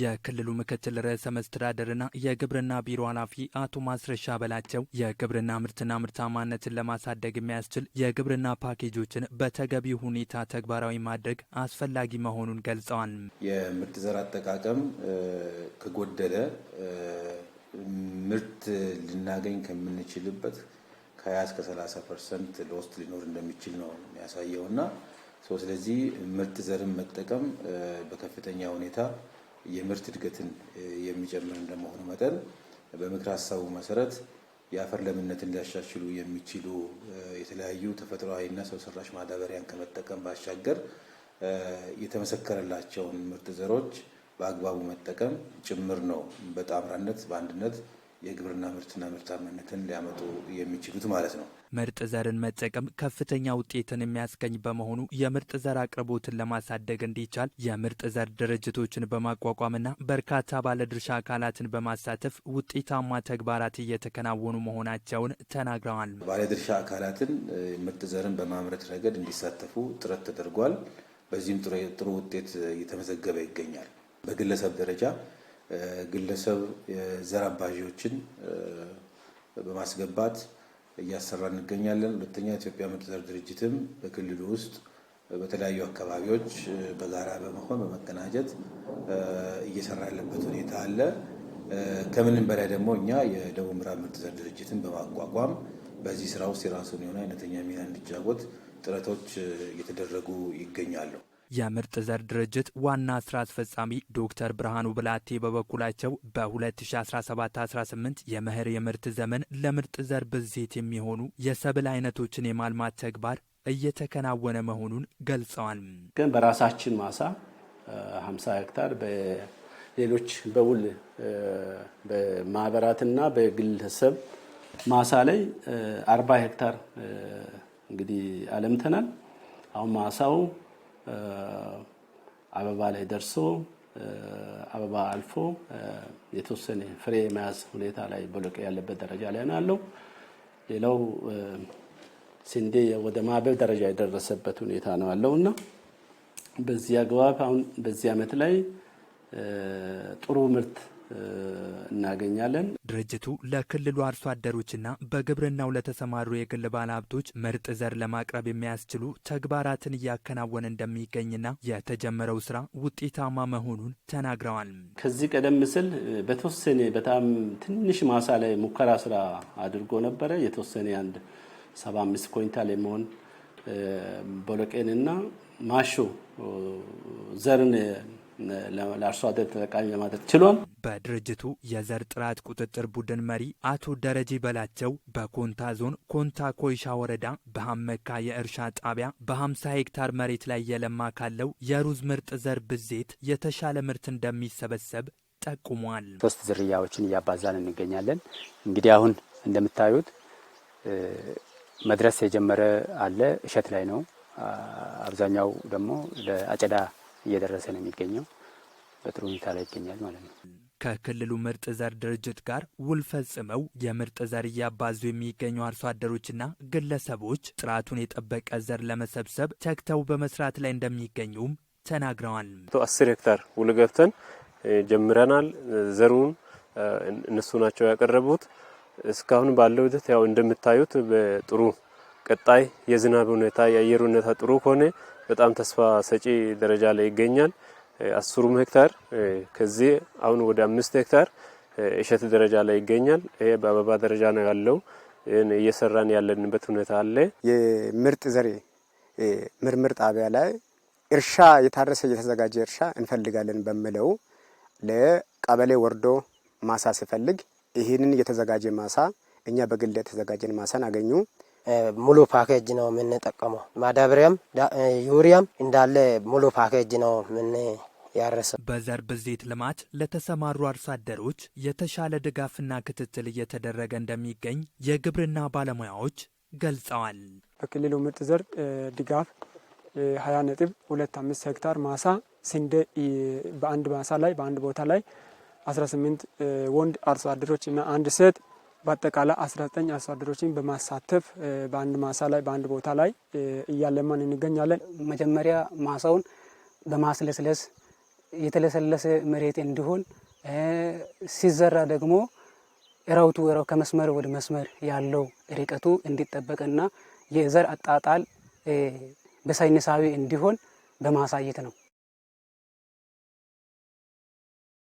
የክልሉ ምክትል ርዕሰ መስተዳደርና የግብርና ቢሮ ኃላፊ አቶ ማስረሻ በላቸው የግብርና ምርትና ምርታማነትን ለማሳደግ የሚያስችል የግብርና ፓኬጆችን በተገቢ ሁኔታ ተግባራዊ ማድረግ አስፈላጊ መሆኑን ገልጸዋል። የምርጥ ዘር አጠቃቀም ከጎደለ ምርት ልናገኝ ከምንችልበት ከ20 እስከ 30 ፐርሰንት ለውስጥ ሊኖር እንደሚችል ነው የሚያሳየውና ስለዚህ ምርጥ ዘርን መጠቀም በከፍተኛ ሁኔታ የምርት እድገትን የሚጨምር እንደመሆኑ መጠን በምክር ሀሳቡ መሰረት የአፈር ለምነትን ሊያሻሽሉ የሚችሉ የተለያዩ ተፈጥሯዊና ሰው ሰራሽ ማዳበሪያን ከመጠቀም ባሻገር የተመሰከረላቸውን ምርጥ ዘሮች በአግባቡ መጠቀም ጭምር ነው በጣምራነት በአንድነት የግብርና ምርትና ምርታማነትን ሊያመጡ የሚችሉት ማለት ነው። ምርጥ ዘርን መጠቀም ከፍተኛ ውጤትን የሚያስገኝ በመሆኑ የምርጥ ዘር አቅርቦትን ለማሳደግ እንዲቻል የምርጥ ዘር ድርጅቶችን በማቋቋምና በርካታ ባለድርሻ አካላትን በማሳተፍ ውጤታማ ተግባራት እየተከናወኑ መሆናቸውን ተናግረዋል። ባለድርሻ አካላትን ምርጥ ዘርን በማምረት ረገድ እንዲሳተፉ ጥረት ተደርጓል። በዚህም ጥሩ ውጤት እየተመዘገበ ይገኛል። በግለሰብ ደረጃ ግለሰብ የዘር በማስገባት እያሰራ እንገኛለን። ሁለተኛ ኢትዮጵያ ምርጥ ዘር ድርጅትም በክልሉ ውስጥ በተለያዩ አካባቢዎች በጋራ በመሆን በመቀናጀት እየሰራ ያለበት ሁኔታ አለ። ከምንም በላይ ደግሞ እኛ የደቡብ ምዕራብ ምርጥ ዘር ድርጅትን በማቋቋም በዚህ ስራ ውስጥ የራሱን የሆነ አይነተኛ ሚና እንዲጫወት ጥረቶች እየተደረጉ ይገኛሉ። የምርጥ ዘር ድርጅት ዋና ስራ አስፈጻሚ ዶክተር ብርሃኑ ብላቴ በበኩላቸው በ2017/18 የመኸር የምርት ዘመን ለምርጥ ዘር ብዜት የሚሆኑ የሰብል አይነቶችን የማልማት ተግባር እየተከናወነ መሆኑን ገልጸዋል። ግን በራሳችን ማሳ 50 ሄክታር በሌሎች በውል በማህበራትና በግለሰብ ማሳ ላይ 40 ሄክታር እንግዲህ አለምተናል። አሁን ማሳው አበባ ላይ ደርሶ አበባ አልፎ የተወሰነ ፍሬ መያዝ ሁኔታ ላይ በሎቄ ያለበት ደረጃ ላይ ነው ያለው። ሌላው ስንዴ ወደ ማበብ ደረጃ የደረሰበት ሁኔታ ነው ያለው እና በዚህ አግባብ አሁን በዚህ ዓመት ላይ ጥሩ ምርት እናገኛለን። ድርጅቱ ለክልሉ አርሶ አደሮችና በግብርናው ለተሰማሩ የግል ባለሀብቶች ምርጥ ዘር ለማቅረብ የሚያስችሉ ተግባራትን እያከናወነ እንደሚገኝና የተጀመረው ስራ ውጤታማ መሆኑን ተናግረዋል። ከዚህ ቀደም ስል በተወሰነ በጣም ትንሽ ማሳ ላይ ሙከራ ስራ አድርጎ ነበረ። የተወሰነ አንድ ሰባ አምስት የመሆን የሚሆን ቦሎቄንና ማሾ ዘርን ለአርሶ አደር ተጠቃሚ ለማድረግ ችሏል። በድርጅቱ የዘር ጥራት ቁጥጥር ቡድን መሪ አቶ ደረጀ በላቸው በኮንታ ዞን ኮንታ ኮይሻ ወረዳ በሀመካ የእርሻ ጣቢያ በ50 ሄክታር መሬት ላይ የለማ ካለው የሩዝ ምርጥ ዘር ብዜት የተሻለ ምርት እንደሚሰበሰብ ጠቁሟል። ሶስት ዝርያዎችን እያባዛን እንገኛለን። እንግዲህ አሁን እንደምታዩት መድረስ የጀመረ አለ፣ እሸት ላይ ነው። አብዛኛው ደግሞ ለአጨዳ እየደረሰ ነው የሚገኘው። በጥሩ ሁኔታ ላይ ይገኛል ማለት ነው። ከክልሉ ምርጥ ዘር ድርጅት ጋር ውል ፈጽመው የምርጥ ዘር እያባዙ የሚገኙ አርሶ አደሮችና ግለሰቦች ጥራቱን የጠበቀ ዘር ለመሰብሰብ ተግተው በመስራት ላይ እንደሚገኙም ተናግረዋል። አስር ሄክታር ውል ገብተን ጀምረናል። ዘሩን እነሱ ናቸው ያቀረቡት። እስካሁን ባለው ሂደት ያው እንደምታዩት በጥሩ ቀጣይ የዝናብ ሁኔታ የአየር ሁኔታ ጥሩ ከሆነ በጣም ተስፋ ሰጪ ደረጃ ላይ ይገኛል። አስሩም ሄክታር ከዚህ አሁን ወደ አምስት ሄክታር እሸት ደረጃ ላይ ይገኛል። ይሄ በአበባ ደረጃ ነው ያለው። ይህን እየሰራን ያለንበት ሁኔታ አለ። የምርጥ ዘሬ ምርምር ጣቢያ ላይ እርሻ የታረሰ የተዘጋጀ እርሻ እንፈልጋለን በምለው ለቀበሌ ወርዶ ማሳ ሲፈልግ ይህንን የተዘጋጀ ማሳ እኛ በግል የተዘጋጀን ማሳን አገኙ። ሙሉ ፓኬጅ ነው የምንጠቀመው። ማዳበሪያም ዩሪያም እንዳለ ሙሉ ፓኬጅ ነው ምን ያረሰ በዘር ብዜት ልማት ለተሰማሩ አርሶ አደሮች የተሻለ ድጋፍና ክትትል እየተደረገ እንደሚገኝ የግብርና ባለሙያዎች ገልጸዋል። በክልሉ ምርጥ ዘር ድጋፍ 20 ነጥብ 25 ሄክታር ማሳ ስንዴ በአንድ ማሳ ላይ በአንድ ቦታ ላይ 18 ወንድ አርሶ አደሮች እና አንድ ሴት በአጠቃላይ 19 አርሶ አደሮችን በማሳተፍ በአንድ ማሳ ላይ በአንድ ቦታ ላይ እያለማን እንገኛለን። መጀመሪያ ማሳውን በማስለስለስ የተለሰለሰ መሬት እንዲሆን ሲዘራ ደግሞ ራውቱ ራው ከመስመር ወደ መስመር ያለው ርቀቱ እንዲጠበቅና የዘር አጣጣል በሳይንሳዊ እንዲሆን በማሳየት ነው።